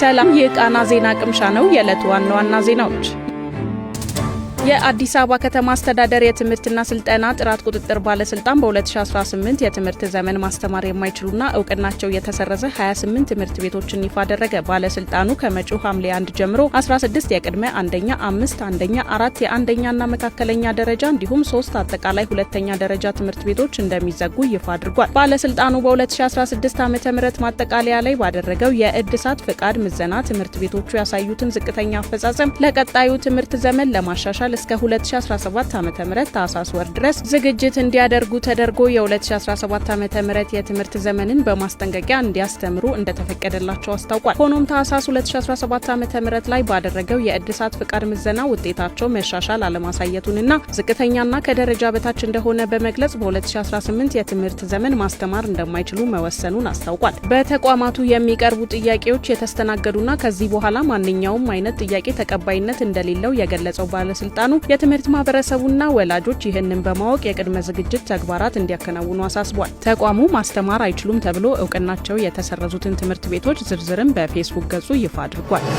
ሰላም፣ የቃና ዜና ቅምሻ ነው። የዕለቱ ዋና ዋና ዜናዎች የአዲስ አበባ ከተማ አስተዳደር የትምህርትና ስልጠና ጥራት ቁጥጥር ባለስልጣን በ2018 የትምህርት ዘመን ማስተማር የማይችሉና እውቅናቸው የተሰረዘ 28 ትምህርት ቤቶችን ይፋ አደረገ። ባለስልጣኑ ከመጪው ሐምሌ 1 ጀምሮ 16 የቅድመ አንደኛ፣ አምስት አንደኛ፣ አራት የአንደኛና መካከለኛ ደረጃ እንዲሁም ሶስት አጠቃላይ ሁለተኛ ደረጃ ትምህርት ቤቶች እንደሚዘጉ ይፋ አድርጓል። ባለስልጣኑ በ2016 ዓ ም ማጠቃለያ ላይ ባደረገው የእድሳት ፍቃድ ምዘና ትምህርት ቤቶቹ ያሳዩትን ዝቅተኛ አፈጻጸም ለቀጣዩ ትምህርት ዘመን ለማሻሻል እስከ 2017 ዓ ም ታህሳስ ወር ድረስ ዝግጅት እንዲያደርጉ ተደርጎ የ2017 ዓ ም የትምህርት ዘመንን በማስጠንቀቂያ እንዲያስተምሩ እንደተፈቀደላቸው አስታውቋል። ሆኖም ታህሳስ 2017 ዓ ም ላይ ባደረገው የእድሳት ፍቃድ ምዘና ውጤታቸው መሻሻል አለማሳየቱንና ዝቅተኛና ከደረጃ በታች እንደሆነ በመግለጽ በ2018 የትምህርት ዘመን ማስተማር እንደማይችሉ መወሰኑን አስታውቋል። በተቋማቱ የሚቀርቡ ጥያቄዎች የተስተናገዱና ከዚህ በኋላ ማንኛውም አይነት ጥያቄ ተቀባይነት እንደሌለው የገለጸው ባለስልጣን ባለስልጣኑ የትምህርት ማህበረሰቡና ወላጆች ይህንን በማወቅ የቅድመ ዝግጅት ተግባራት እንዲያከናውኑ አሳስቧል። ተቋሙ ማስተማር አይችሉም ተብሎ እውቅናቸው የተሰረዙትን ትምህርት ቤቶች ዝርዝርም በፌስቡክ ገጹ ይፋ አድርጓል።